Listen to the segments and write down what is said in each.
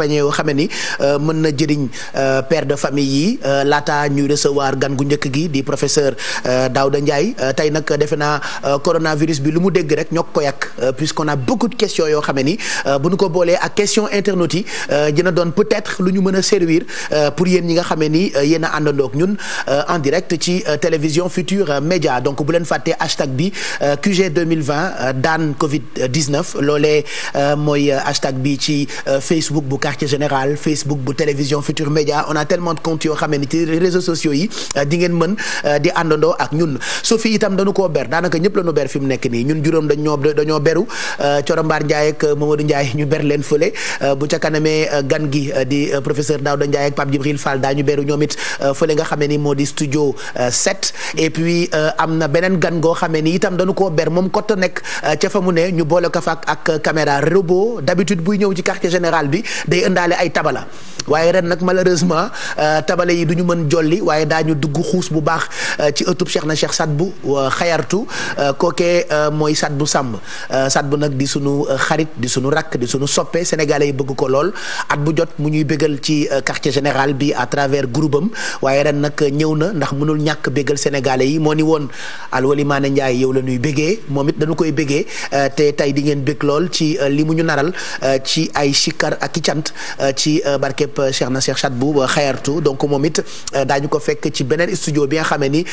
accompagné yoo xam ni euh, mën na jëriñ euh, père de famille yi euh, laata ñuy recevoir gan gu njëkk gi di professeur Daouda Ndiaye tey nag defe naa coronavirus bi lu mu dégg rek ñoo ko yàq puisqu'on a beaucoup de questions yoo xam ni bu ñu ko boolee ak question internautes yi doon peut-être lu ñu mën a servir pour yéen ñi nga xam ni yéen a àndandoog ñun en direct ci télévision Futur Média donc bu leen fàttee hashtag bi QG 2020 daan Covid loolee mooy hashtag bi ci quartier général Facebook bu télévision Futur Média on a tellement de comptes yoo xam ne ci réseaux sociaux yi euh, di mën euh, di àndandoo ak ñun Sophie itam dañu koo ber daanaka ñëpp la ber fi nekk nii ñun juróom dañoo beru Coro euh, Mbaar Ndiaye di studio 7 et puis am na beneen gan goo xam ni itam dañu koo ber moom kott nekk ca fa ne ñu boole ko fa ak caméra robot d'habitude buy ñëw ci quartier général bi day ëndaale ay tabala waaye ren nag malheureusement euh, tabala yi du ñu mën jolli waaye daañu dugg xuus bu baax euh, ci ëttub Cheikh na Cheikh Sadbu xayartu euh, kookee mooy sat bu Sadbu Samb bu nag di suñu xarit di suñu rakk di suñu soppee sénégalais yi bëgg ko lool at bu jot mu ñuy bégal ci quartier général bi à travers groupe am waaye ren nag ñëw na ndax mënul ñàkk bégal sénégalais yi moo ni woon Alwali Maane Ndiaye yow la ñuy moom it dañu koy bégee te tey di i can cant euh, ci euh, barkeb euh, Cheikh na Cheikh Chat bu xayartu donc moom it daañu ko fekk ci beneen studio bi nga xam ne ni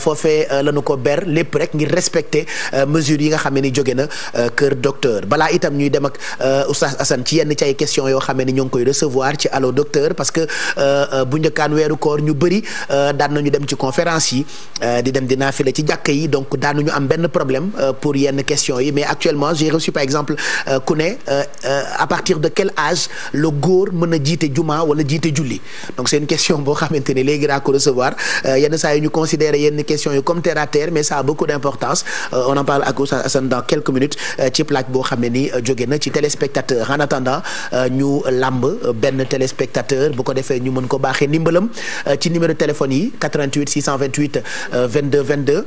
foofee lañu ko ber lépp rek ngir respecter mesure yi nga xam ne ni jóge na kër docteur balaa itam ñuy dem ak oustaz assan ci yenn cay question yoo xam ne ni ñoo ngi koy recevoir ci allo docteur parce que bu njëkkaan weeru koor ñu bëri daan nañu dem ci conférence yi di dem dinaa file ci jàkk yi donc daan nañu am benn problème pour yenn questions yi mais actuellement j'ai reçu par exemple ku ne à partir de quel âge la góor mën a jiite juma wala jiite julli donc seen question boo xamante ne léegi daa ko recevoir euh, yenn saa yi ñu considérer yenn question yi comme terre à terre mais ça a beaucoup d'importance euh, on en parle ak Oustaz Assane dans quelques minutes euh, ci plaque boo xam ne ni jóge na ci téléspectateur en attendant ñu lamb benn téléspectateur bu ko defee ñu mën ko baaxee ndimbalam ci numéro téléphone yi 88 628 vingt 22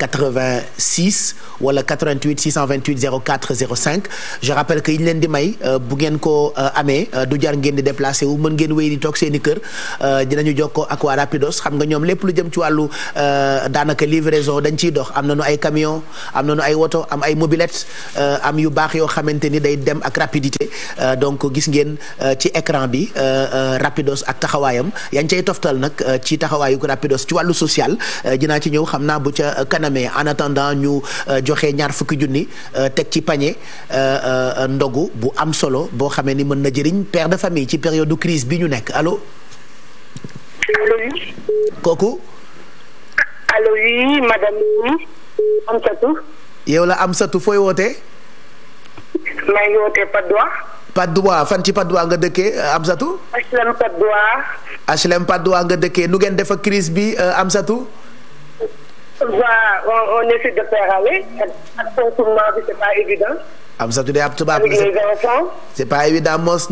86 wala 88 628 04 05 je rappelle que yi ñu leen di may euh, bu ngeen ko euh, amee euh, du jar ngeen di déplacé wu mën ngeen wéy di toog seen i kër dinañu jokkoo ak waa Rapidos xam nga ñoom lépp lu jëm ci wàllu daanaka livraison dañ ciy dox am nañu ay camion am na nañu ay woto am ay mobilette am yu baax yoo xamante ni day dem ak rapidité donc gis ngeen ci écran bi Rapidos ak taxawaayam yaa ngi cay toftal nag ci taxawaayu Rapidos ci wàllu social dinaa kanamee en tendant ñu euh, joxe ñaar fukki junni euh, teg ci panier euh, ndogu bu am solo boo xamee ni mën na jëriñ père de famille ci période de crise bi ñu nekk allo. kooku. allo oui madame. Amsatou. yow la Amsatou fooy wootee. maa ngi wootee Patte d'Oie. Patte d'Oie fan ci Patte nga dëkkee Amsatou. HLM Patte d'Oie. nga dëkkee nu ngeen def crise bi Amsatou. voilà on on bi c'est pas évident. am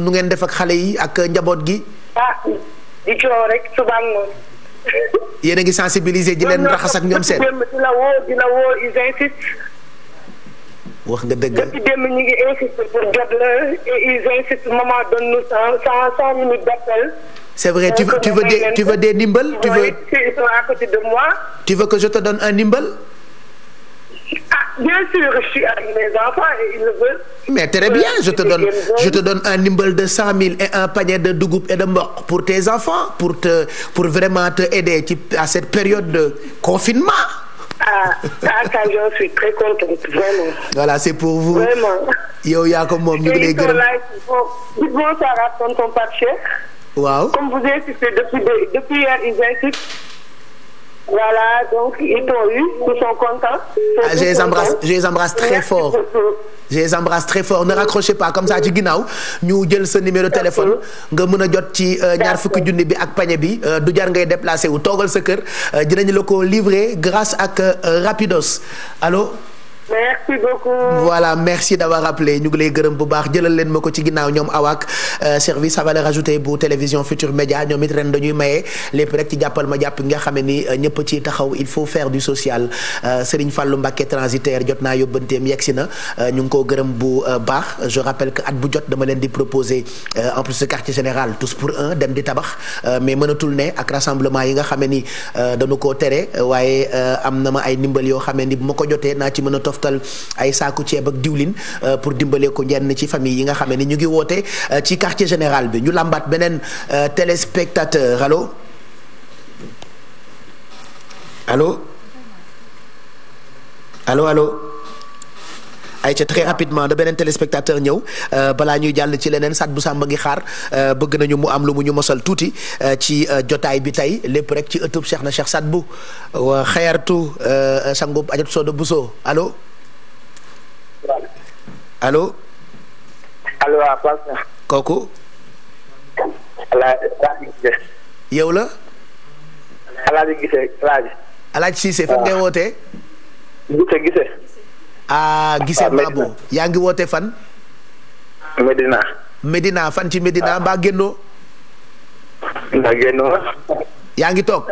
nu ngeen def ak xale yi ak njaboot gi. ah di coow rek leen raxas ak ñoom seen. wax nga dëgga depuis démb ñu pour jot la et ils insistent maman donne c'est vrai tu veux tu des tu veux des ndimbal. tu veux ils sont à tu veux que je te donne un ndimbal. ah mais très bien je te donne un ndimbal de cent mille et un panier de dugub et de mboq pour tes enfants pour te pour vraiment te aider ci à cette période de confinement. ah ah ça vraiment. voilà c'est pour vous. vraiment. yow yaa ko moom ñu ngi lay gërëm. waaw comme vous insistez depuis depuis hier ils ah, embrasse, très fort. ne raccrochez pas comme ça ci ginnaaw ñu jël sa numéro téléphone nga mën a jot ci euh, ñaar fukki junni bi ak pañe bi euh, du jar ngay déplacé wu toogal sa kër euh, dinañu la ko livrer grâce ak Rapidos allo. merci beaucoup. voilà merci d'avoir appelé ñu ngi lay gërëm bu baax jëlal leen ma ko ci ginnaaw ñoom awaak euh, service à valeur ajoutée bu télévision Futur Média ñoom it ren dañuy maye lépp rek ci jàppal ma jàpp nga xamee ni euh, ñëpp ci taxaw il faut faire du social euh, Serigne fàllu Mbacké transitaire jot naa yóbbanteem yegsi na ñu ngi koo gërëm bu baax je rappelle que at bu jot dama leen di proposé en plus de quartier général tous pour un dem di tabax mais mënatul ne ak rassemblement yi nga xamee ni dañu koo tere waaye am na ma ay ndimbal yoo xamee bu ma ko jotee naa ci mën a tof toftal ay saaku ceeb ak diwlin euh, pour dimbalee ko ñenn ci famille yi nga xam ne ñu ngi woote euh, ci quartier général bi ñu làmbaat beneen euh, téléspectateur allo allo allo allo. ay ca très rapidement da beneen téléspectateur ñëw bala ñuy jàll ci leneen sat bu sàmba ngi xaar bëgg nañu mu am lu mu ñu mosal tuuti ci jotaay bi tey lépp rek ci ëttub Cheikh na Cheikh sat bu xayartu sangub ajot sooda Bousso allo allo. allo waaw ah, Pape Cheikh. kooku. yow la. Alaaji Gise Alaaji. Alaaji Cissé fan ngay wootee. Gise Gise. ah Gise ah, ah, Mabo yaa ngi woote fan. Medina. Medina fan ci Medina mbaa génnoo. ndax génnoo. yaa ngi toog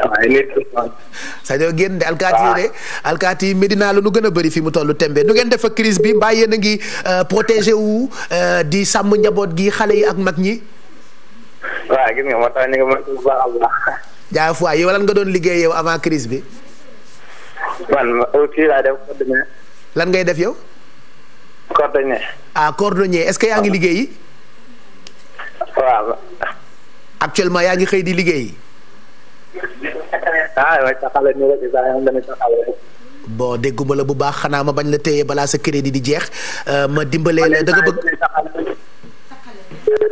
sañoo génn de alkaati de alkaati Medina la nu gën a bëri fi mu toll tembe nu ngeen def ak crise bi mbaa yéen a ngi euh, protégé euh, di sàmm njaboot gi xale yi ak mag ñi waaw gis nga moo fois yow lan nga doon liggéey yow avant crise bi lan ngay def yow cordonnier ah cordonnier est-ce que yaa ngi liggéey yi actuellement yaa ngi xëy di liggéey ah waaye taxawal dégguma la bu baax xanaa ma bañ la téye balaa sa crédit di jeex euh, ma dimbalee la da bëgg.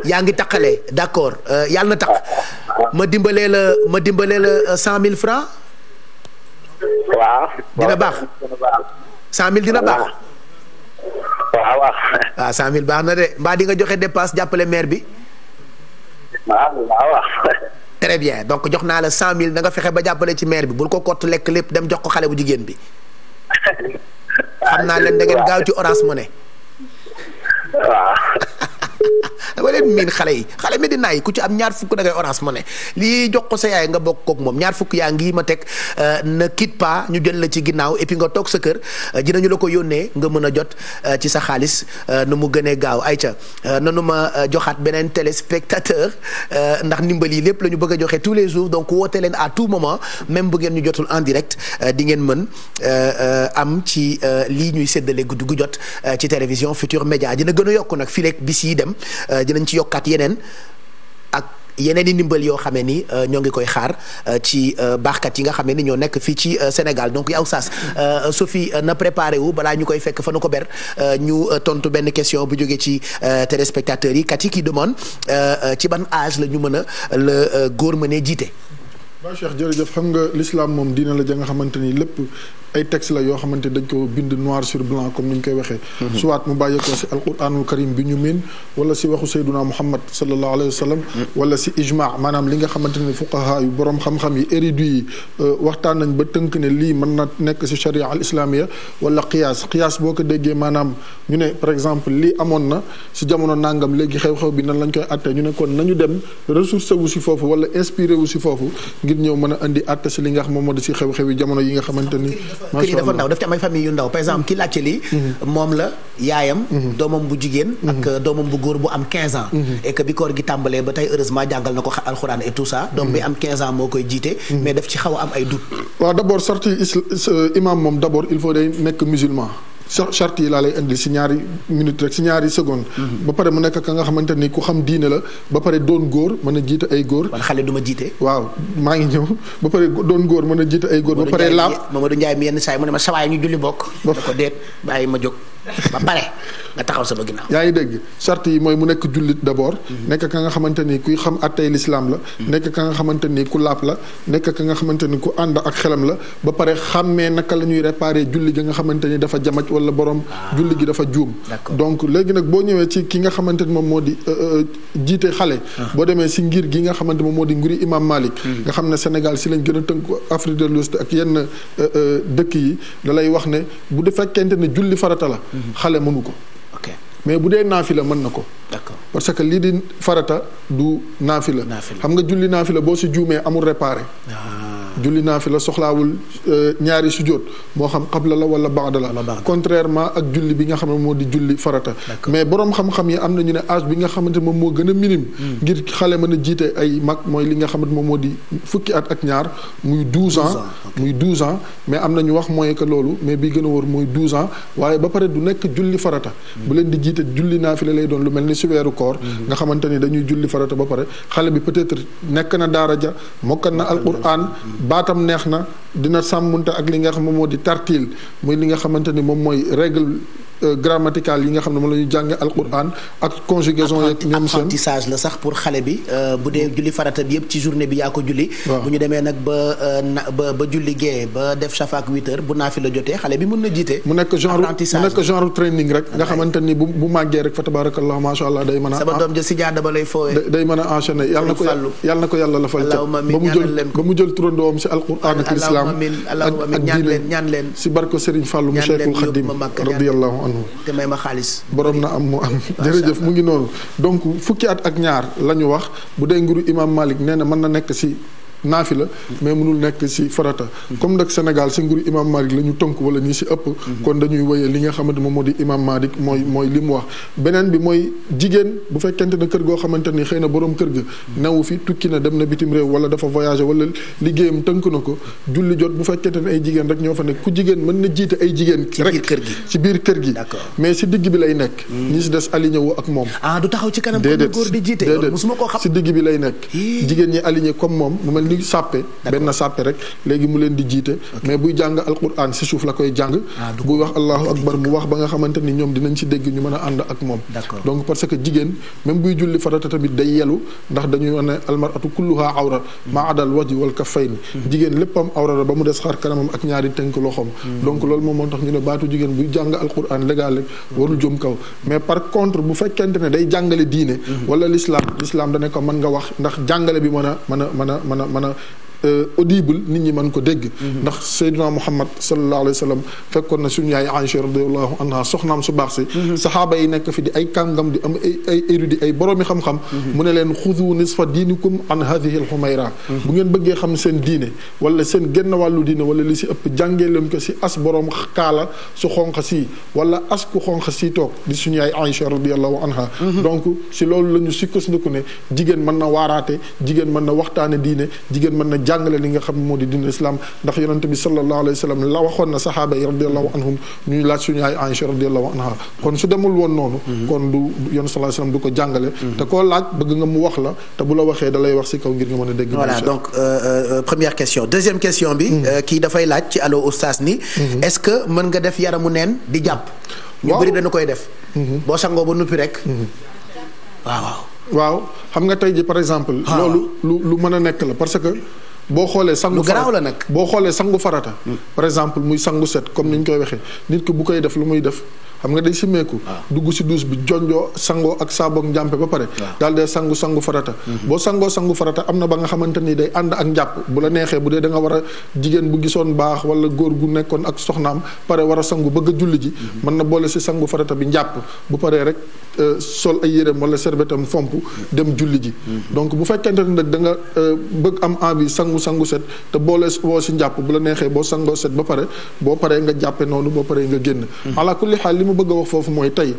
yaa ngi taqale d'accord euh, yàlla na taq ma dimbalee la ma dimbalee la euh, cent mille francs. waaw. dina baax cent mille dina baax. waaw waaw. waaw ah, na de mbaa di nga joxe dépense jàppale maire bi. très bien donc jox naa la cent mille na nga fexe ba jàppale ci maire bi bul ko kott lekk lépp dem jox ko xale bu jigéen bi xam naa leen da ngeen gaaw ci Orange Money waaw dama leen xale yi xale Medina yi ku ci am ñaar fukk da ngay orange ne lii jox ko sa yaay nga bokk kook moom ñaar fukk yaa ngi ma teg euh, ne quitte pa ñu jël la ci ginnaaw et nga toog sa kër euh, dinañu la ko yónnee nga mën a jot euh, ci sa xaalis nu mu gënee gaaw ayca nanu ma joxaat beneen téléspectateur ndax ndimbal yi lépp la ñu bëgg a joxe tous les jours donc woote leen à tout moment même bu ngeen ñu jotul en direct di ngeen mën am ci lii ñuy séddale guddi gu jot ci télévision Futur Média dina gën a yokk nag fileeg bis yi dem Euh, dinañ ci yokkaat yeneen ak yeneen yi ndimbal yoo xamee ni euh, ñoo ngi koy xaar euh, ci baaxkat yi nga xamee ni ñoo nekk fii ci Sénégal donc yow Saas fi na préparé wu balaa ñu koy fekk fa nu ko ber ñu tontu benn question bu jógee ci téléspectateurs yi kat yi ki demande ci ban âge la ñu mën a la góor mënee jiite. waaw Cheikh jërëjëf xam nga l'islam moom diina la ja nga xamante ni lépp ay texte la yoo xamante dañ ko bind noir sur blanc comme ni koy waxee mhm. soit mu bàyyeekoo si alquranul karim bi ñu miin wala si waxu sayduna muhammad sallallahu alayhi wa sallam mhm. wala si ijma maanaam li nga xamante ne fuqaha borom xam yi érudit euh, waxtaan nañ ba tënk ne lii mën na nekk si charia al islamia wala qiyaas qiyaas boo ko déggee maanaam ñu ne par exemple lii amoon na si jamono nangam léegi xew-xew bi nan lañ koy attee ñu ne kon nañu dem ressource wu si foofu wala inspiré wu si foofu ngir ñëw mën a indi atte si li nga xam moom moo si xew-xew jamono yi nga xamante ni que lii dafa ndaw daf ci am ay famille yu ndaw par exemple ki laajte lii mhm. moom la yaayam mhm. doomam bu jigéen ak mhm. doomam bu góor bu am 15 ans et koor gi tàmbalee ba tey heureusement jàngal na ko alxuraan et tout ça doom bi am 15 ans moo koy jiite mais daf ci xaw a am ay doute waaw d'abord sorti euh, imam moom d'abord il faut day nekk musulman charte yi laa lay indi si ñaari minute rek si ñaari seconde mhm. ba pare mu nekk ka nga xamante ni ku xam diine la ba pare doon góor mën a jiite ay góor man xale du jiite waaw maa ngi ñëw ba pare doon góor mën a jiite ay góor ba pare laab Mamadou Ndiaye mi yenn saa yi mu ne ma sawaay ñu julli bokk da ko déet bàyyi ma jóg ba pare nga taxaw sama ginnaaw. yaa ngi dégg charte yi mooy mu nekk jullit d'abord. nekk ka nga xamante ni kuy xam attey lislaam la. nekk ka nga xamante ni ku laab la. nekk ka nga xamante ni ku ànd ak xelam la ba pare xàmmee naka la ñuy réparer julli gi nga xamante ni dafa jamaj wala borom. Ah. julli gi dafa juum. donc léegi nag boo ñëwee ci ki nga xamante ni moom moo di euh, euh, jiite xale. Ah. boo demee si ngir gi nga xamante moom moo di nguri imam Malik. Hmm. nga xam ne Sénégal si lañ gën a tënk Afrique de ak yenn euh, dëkk yi da wax ne bu fekkente ne julli farata la xale mënu ko. ok mais bu dee la mën na ko. d'accord parce que lii di farata du naafila. naafila xam nga julli la boo si juumee amul réparé. Ah. julli naa fi la soxlaawul euh, ñaari sujjóot moo xam qabla la wala baada la contrairement ak julli bi nga xam ne moo di julli farata mais borom xam-xam yi am na ñu ne âge bi nga xamante moom moo gën a minime hmm. ngir xale mën a jiite ay mag mooy li nga xamante moom moo di fukki at ak ñaar muy douze ans muy douze ans mais am na ñu wax mooy que loolu mais bi gën a war mooy douze ans waaye ba pare du nekk julli farata hmm. bu leen di jiite julli naa fi la lay doon lu mel ni si weeru hmm. nga xamante ni dañuy julli farata ba xale bi peut-être nekk na daara ja mokkal na alquran baatam neex na dina sàmmunte ak li nga xam moo di tartil muy li nga xamante ni moom mooy règle Euh, grammatical yi nga xam ne moom la ñu jàngee alquran ak conjugaison yeeg ñoom seen apprentissage la sax pour xale bi euh, bu dee julli farata bi yëpp ci journée bi yaa ko julli bu ñu demee nag ba euh, ba ba julli gee ba def shafaak huit na jiite nekk genre training rek nga xamante ni bu bu màggee rek fa tabarakallah allah day mën a day mën a enchaîner yàlla na ko yàlla la fal ba mu jël ba mu jël turandoom si alquran ak l'islam ak ñaan leen si barko Serigne Fallou mu Cheikhul Khadim radiyallahu anhu te may ma xaalis borom na am mu am jërëjëf mu ngi noonu donc fukki at ak ñaar la ñu wax bu dee nguru imam Malik nee na mën na nekk si naafi la mais mënul nekk si farata comme nag Sénégal si nguur imam Malik la ñu tënk wala ñi si ëpp kon dañuy wéyee li nga xamante moom moo di imam Malik mooy mooy li mu wax beneen bi mooy jigéen bu fekkente ne kër goo xamante ni xëy na boroom kër gi newu fi tukki na dem na bitim réew wala dafa voyage wala liggéeyam tënk na ko julli jot bu fekkente ne ay jigéen rek ñoo fa nekk ku jigéen mën na jiite ay jigéen rek ci biir kër gi mais si digg bi lay nekk hmm. ñi si des aligné wu ak moom ah du taxaw ci kanam góor di jiite déedéet musuma koo xam digg bi lay nekk jigéen ñi aligné comme moom ngi sàppe benn sàppe rek léegi mu leen di jiite mais buy jàng alquran si suuf la koy jàng ah, buy wax allahu akbar mu wax ba nga xamante ñoom dinañ si dégg ñu mën a ànd ak moom donc parce que jigéen même buy julli farata tamit day yelu ndax dañuy wax ne almaratu kulluha awra maa adal waji wal kaffayn hmm. jigéen léppam awra ba mu des xar kanamam ak ñaari tënk loxoom hmm. donc loolu moom moo tax ñu ne baatu jigéen buy jàng alquran légal rek warul jëm kaw hmm. a a a mën a a Euh, audible nit ñi mën ko dégg mhm. ndax Seydina Muhammad sallallahu alayhi wa sallam na suñu yaay Aïcha radiyallahu anha soxnaam su baax si mhm. saxaaba yi nekk fi di ay kàngam di am ay érudit ay boroomi xam-xam mhm. mu ne leen xudu nisfa diinikum an hadihi al xumayra bu ngeen bëggee xam seen diine wala seen genn wàllu diine wala li si ëpp jàngee leen ko si as boroom kaala su xonq si wala as ku xonq si toog di suñu yaay Aïcha radiyallahu anha donc si loolu la ñu sukkandiku ne jigéen mën na waaraate jigéen mën na waxtaane jàngale li nga xam moo di diine islam ndax yonente bi sallallahu la waxoon na sahaaba yi radiallahu anhum ñuy laaj suñu ay Aïcha radiallahu anha kon su demul woon noonu kon du yoon sallallahu alayhi wa ko jàngale te koo laaj nga mu wax la te bu la waxee da lay wax si kaw ngir nga mën a dégg voilà donc euh, euh, première question bi hmm. euh, kii dafay laaj ci allo oustaz ni hmm. est nga def yaramu neen di jàpp ñu bëri dañu koy def hmm. boo sangoo ba nuppi rek waaw waaw waaw xam nga tey ji par exemple ah. loolu lu lu mën a nekk la parce que boo xoolee sangu garaaw nag boo xoolee sangu farata par exemple muy sangu set comme ni ñu koy waxee nit ki bu koy def lu muy def xam nga day simeeku ah. dugg si duus bi jonjoo sangoo ak saaboog njàmpe ba pare ah. daal dee sangu sangu farata mhm. boo sangoo sangu farata am na ba nga xamante ni day ak njàpp bu la neexee bu dee da war a jigéen bu gisoon baax wala góor gu nekkoon ak soxnaam pare war sangu bëgg julli ji mhm. mën na boole si sangu farata bi njàpp bu paree rek euh, sol ay yéreem wala serbetam fomp mhm. dem julli ji donc bu fekkente ne nag da nga euh, bëgg am envie sangu sangu set te boole woo si njàpp bu la neexee boo sangoo set ba pare boo paree nga jàppe noonu boo paree nga génn ala xaal mu bëgg a wax foofu mooy tey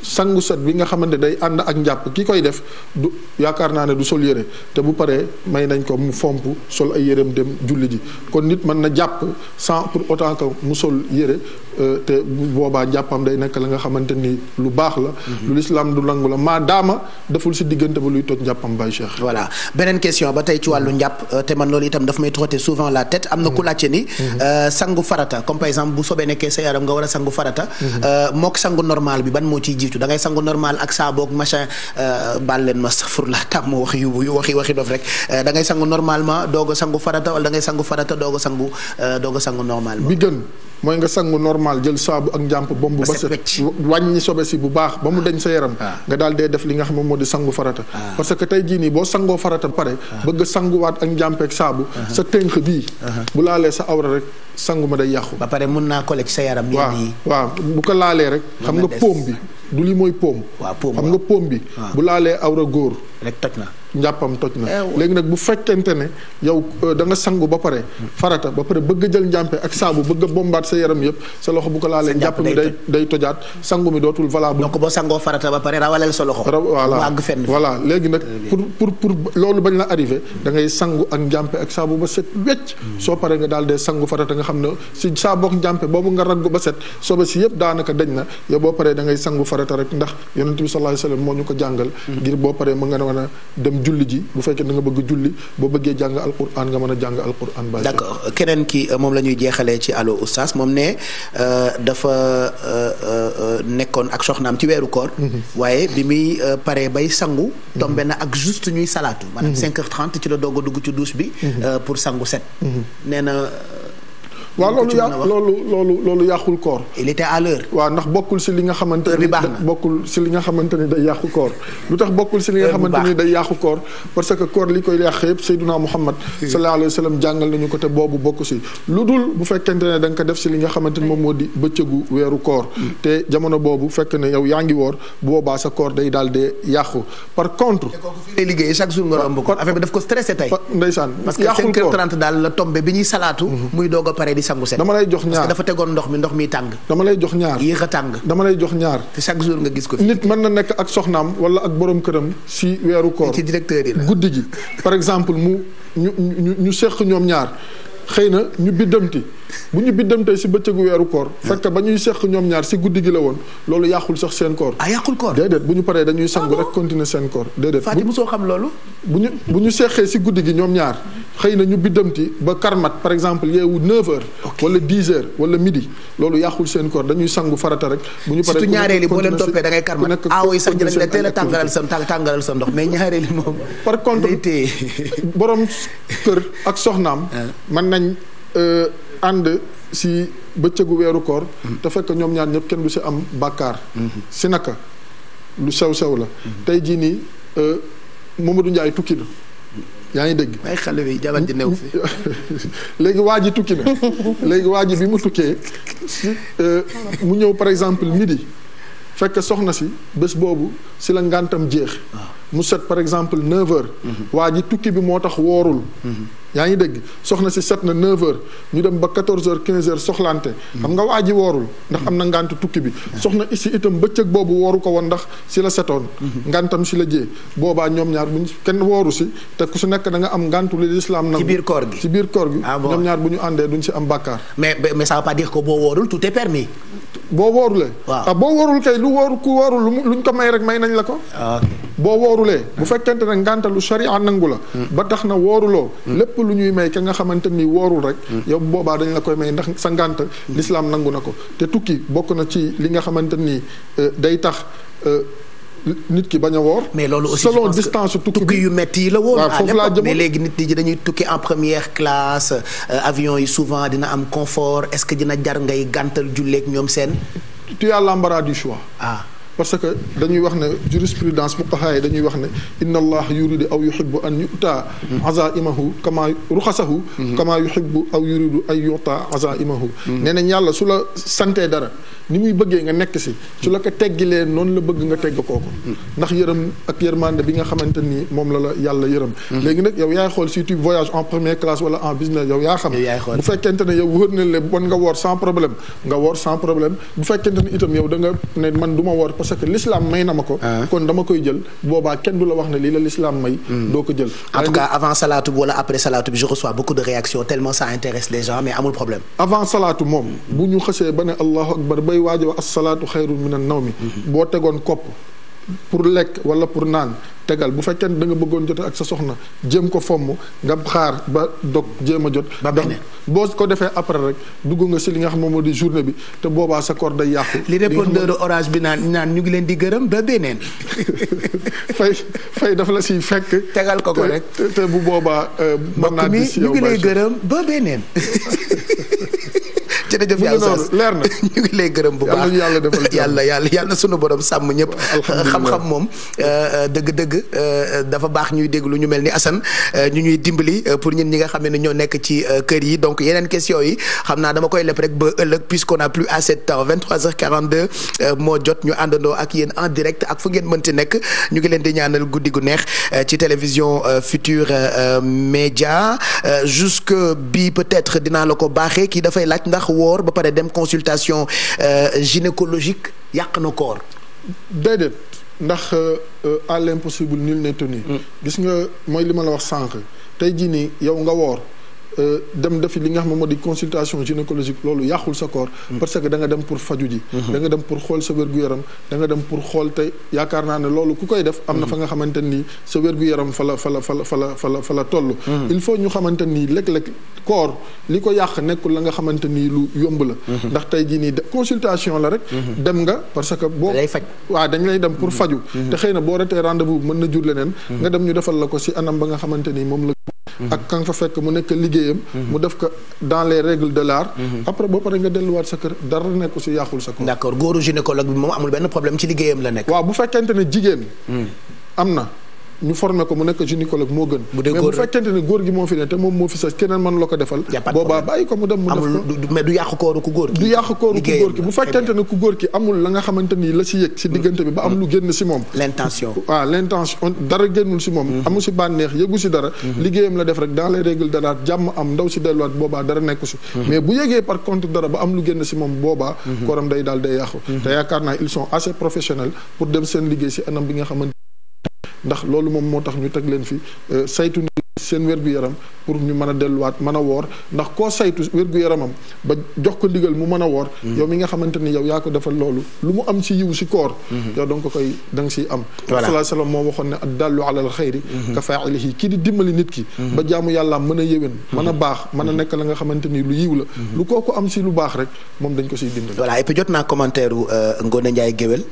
sangu set bi nga xamante day ànd ak njàpp ki koy def du yaakaar naa ne du sol yére te bu paree may nañ ko mu fomp sol ay yéreem dem julli ji kon nit mën na jàpp sans pour autant que mu sol yére Euh, te boobaa jàppam day nekk la nga xamante ni lu baax la. Mhm. lu lislaam du nangu la maa daama deful si diggante ba luy toj njàppam bay Cheikh. voilà beneen question ba tey ci wàllu njàpp euh, te man loolu itam daf may trotter souvent la tête am na ku mhm. laajte ni. Mhm. Euh, sangu farata comme par exemple bu soobee nekkee sa yaram nga war a sangu farata. mook sangu normal bi ban moo ciy jiitu da ngay sangu normal ak saabu ak machin baal leen ma safur la tàmm wax yu waxi waxi dof rek da ngay sangu normalement doog sangu farata wala da ngay sangu farata doog sangu doog a sangu normalement. mooy nga sangu normal jël saabu ak njàmp bomb ba set wàññi sobe si bu baax ba mu deñ sa yaram ah. nga daal dee def li nga xam ne moo di sangu farata ah. parce que tey jii nii boo sangoo farata pare ah. bëgg sanguwaat ak njàmpeek saabu sa tënk bii bu laalee sa awra rek sangu ma day yàqu ba pare mun naa ko sa yaram waaw waaw bu ko laalee rek xam nga póom bi du li mooy póom xam nga póom bi bu laalee awra góor rek toj na. njàppam toj na eh, léegi nag bu fekkente ne yow euh, da nga sangu ba pare. farata ba pare bëgg jël njàmpe ak saabu bëgg a bombaat sa yaram yëpp bu ko laalee. njàpp mi day day tojaat sangu mi dootul valable. donc boo sangoo farata ba pare rawaleel sa loxo. voilà voilà léegi nag pour pour pour loolu bañ la arrivé da ngay sangu ak njàmpe ak saabu ba set wecc. Hmm. soo paree nga daal dee sangu farata nga xam ne si saabook njàmpe boobu nga raggu ba set sobe si yëpp daanaka dañ na yow boo paree da ngay sangu farata rek ndax yonent bi sallallahu alayhi wasallam moo ñu ko jàngal hmm. ngir boo paree mën nga mën a dem julli ji bu fekkee da nga bëgg julli boo bëggee jàng alquran nga mën a jàng alquran. bàyyi d'accord keneen ki euh, moom la ñuy jeexalee ci allo oustaz moom ne euh, dafa euh, nekkoon ak soxnaam ci weeru koor. Mhm. waaye bi muy paree bay sangu. tombe mhm. na ak juste ñuy salaatu. maanaam 5h30 mhm. ci la doog dugg ci douche bi. pour sangu set. nee waaw loolu yà loolu loolu loolu yàqul koor. il était ndax bokkul si li nga xamante ni bokkul si li nga xamante ni day yàqu koor lu tax bokkul si li nga xamante ni day yàqu koor parce que koor li koy yàq yëpp Seydina Muhammad hmm. sallallahu alayhi wa nañu ko boobu bokk si lu dul bu fekkente ne da nga ko def si li nga xamante ni moom moo di bëccëgu weeru koor hmm. te jamono boobu fekk ne yow yaa ngi woor bu boobaa sa koor day daal de yàqu par contre lay liggéey chaque jour nga romb ko affaire bi daf ndeysaan parce que daal la tombé bi ñuy salaatu hmm. muy doog a pare di sangu set. dama lay jox ñaar parce dafa tegoon ndox mi ndox mi tàng. dama lay jox ñaar yéex a tàng. dama jox ñaar. te chaque jour nga gis ko. nit mën na nekk ak soxnaam wala ak borom këram. si weeru koor ci directeur yi guddi gi par exemple mu ñu ñu ñu seq ñoom ñaar xëy na ñu biddamti bu ñu biddamtee si bëccëgu weeru koor fekk ba ñuy seq ñoom ñaar si guddi gi la woon loolu yàqul sax seen koor ah yàqul koor déedéet bu ñu paree dañuy sangu ah rek continuer seen koor déedéet Fatou bu ñu bu ñu seqee si guddi gi ñoom ñaar xëy na ñu biddamti ba karmat par exemple yeewu 9 heures wala 10 heures wala midi loolu yàqul seen koor dañuy sangu farata rek bu ñu paree surtout ñaareel karmat aawo ah sax ñu la teel a tàngalal sa tàngalal sa ndox mais ñaareel moom par ànd si bëccëgu weeru koor mm-hmm. te fekk ñoom ñaan ñëpp kenn du si am bàkkaar mm-hmm. si naka lu sew sew la mm-hmm. tey jii nii euh, Mamadou Ndiaye tukki na yaa ngi dégg waaye xale bi jabar ji léegi waa ji tukki na léegi waa ji bi mu tukkee si euh, mu ñëw par exemple midi fekk soxna si bés boobu si la ngàntam jeex ah. mu set par exemple 9 heures waa ji tukki bi moo tax woorul yaa ngi dégg soxna si set na 9h ñu dem ba 14h 15h soxlante. xam nga waa ji woorul. ndax am na ngant tukki bi. soxna si itam bëccëg boobu wooru ko woon ndax si la setoon. ngantam si la jee boobaa ñoom ñaar bu ñu kenn wooru si te ku si nekk da nga am ngantu li lislaam nangu. ci biir koor gi ci biir koor gi. Ah ñoom ñaar bu ñu àndee duñ si am bàkkaar. mais mais ça veut pas boo woorul tout est permis boo woorulee. waaw ah, boo woorul kay lu wooru ku woorul luñ ko may rek may nañ la ko. Ah, boo woorulee. bu fekkente ne ngàntalu sharia nangu la. Hmm. ba tax na wooruloo. Hmm. lépp lu ñuy may ka nga xamante ni woorul rek. Hmm. yow boobaa dañ la koy may ndax sa ngànt. lislaam nangu na ko te tukki bokk na ci li nga xamante ni euh, day tax. Euh, nit ki bañ a woor. mais loolu aussi selon distance tukki yu métti yi la woon. waaw foofu laa jëmoon mais léegi nit ñi dañuy tukki en première classe euh, avion yi souvent dina am confort est-ce que dina jar ngay gàntal julleeg ñoom seen. tu yàlla l'embarras choix. ah. parce que dañuy wax ne jurisprudence fuqahaa yi dañuy wax ne inna allah yuridu aw yuhibbu an yu'ta azaimahu kama ruxasahu kama yuhibbu aw yuridu an yu'ta azaimahu nee nañ yàlla su la santee dara ni muy bëggee nga nekk si su la ko teggilee noonu la bëgg nga tegg kooku ndax yërëm ak yërmande bi nga xamante nii moom la la yàlla yërëm léegi nag yow yaay xool si tu voyage en première classe wala en business yow yaa xam bu fekkente ne yow wër na le bon nga woor sans problème nga woor parce que may na ma ko ah. kon dama koy jël boobaa kenn du la wax ne lii la l'islam may hmm. doo ko jël en tout cas avant salaatu bi wala après salaatu bi je reçois beaucoup de réactions tellement ça intéresse les gens mais amul problème avant salaatu moom bu ñu xësee ba ne allahu akbar bay waajo wa asalaatu xayrun min naw mi hmm. boo tegoon kopp pour lekk wala pour naan tegal bu fekkee ne da nga bëggoon jote ak sa soxna jéem ko fomm nga xaar ba dog jéem a jot. ba boo ko defee après rek dugg nga si li nga xam moom moo di journée bi te boobaa sa kor day yàqu. li répondeur orange bi naan naan ñu ngi leen di gërëm ba beneen. fay fay dafa la siy fekk. tegal ko ko rek te bu boobaa. Euh, mën naa gis yow ñu ngi lay gërëm ba beneen. jërëjëf yàlla saas leer na ñu ngi lay gërëm bu baax yàlla defal yàlla sunu borom sàmm ñëpp xam-xam moom euh, euh, dëgg-dëgg euh, dafa baax ñuy déglu ñu mel ni Assane ñu ñuy dimbali pour ñun ñi nga xam ne ñoo nekk ci kër yi donc yeneen question yi xam naa dama koy lepp rek ba ëllëg puisqu'on a plus à de temps 23 moo jot ñu àndandoo ak yéen en direct ak fu ngeen mënti nekk ñu ngi leen di ñaanal guddi gu neex ci télévision Futur Média jusque bi peut-être dinaa la ko baaxee kii dafay laaj ndax woo woor ba pare dem consultation euh, gynécologique yàq na koor déedéet ndax euh, à l'impossible nul n'est tenu mm. gis nga mooy li ma la wax sànq tey jii nii yow nga woor Euh, dem defi li nga xam ne moo di consultation gynécologique loolu yàqul sa corps mm. parce que da dem pour faju ji mm-hmm. da dem pour xool sa wér yaram da dem pour xool te yaakaar naa ne loolu ku koy def am na fa mm-hmm. nga xamante sa wér yaram fa la fa la fa la fa la fa la fa la toll mm-hmm. il faut ñu xamante nii léeg-léeg li ko yàq nekkul la nga xamante nii lu yomb la ndax tey jii nii consultation la rek dem nga parce que boo dañ lay dem pour faju te xëy na boo retee rendez mën na jur la ko ci anam ba nga xamante nii ak ka nga fa fekk mu nekk liggéeyam mu def ko dans les règles de l'art après boo paree nga delluwaat sa kër dara nekku si yàqul sa kër d'accord góoru gynécologue bi moom amul benn problème ci liggéeyam la nekk waaw bu fekkente ne jigéen hmm. am na ñu formé ko mu nekk gynécologue moo gën. bu dee góor mais bu fekkente ne góor gi moo fi ne te moom moo fi sas keneen mën la ko defal. boobaa bàyyi ko mu dem mu def ko mais du yàq kooru ku góor ki. du yàq kooru ku góor ki bu fekkente ne ku góor ki amul la nga xamante ni la si yëg. si diggante bi ba am mm. lu génn si moom. l'intention. waaw ah, l'intention dara génnul si moom. Mm. amu si bànneex yëgu si dara. Mm-hmm. liggéeyam la def rek dans les règles de l'art jàmm am ndaw si delluwaat boobaa dara nekku si. Mm-hmm. mais bu yëgee par contre dara ba am lu génn si moom boobaa. Mm-hmm. kooram day daal day yàqu. te yaakaar naa ils sont assez professionnels pour dem seen liggéey si anam bi nga xamante ndax loolu moom moo tax ñu teg leen fi euh, saytu ni seen wér-gu-yaram pour ñu mën a delluwaat mën a woor ndax koo saytu wér-gu-yaramam ba jox ko ndigal mu mën a woor mm-hmm. yow mi nga xamante ni yow yaa ko defal loolu lu mu am si yiw si koor mm-hmm. yow da koy da nga siy am sallallahu alayhi moo waxoon ne ak dallu alal xayri mm-hmm. ka faa'ilihi kii di dimbali nit ki ba jaamu yàlla mën a yéwén mën a baax mën a nekk la nga xamante ni lu yiw la lu kooku am si lu baax rek moom dañ ko siy dimbali voilà et jot naa commentaire euh, Ngone Ndiaye Géwél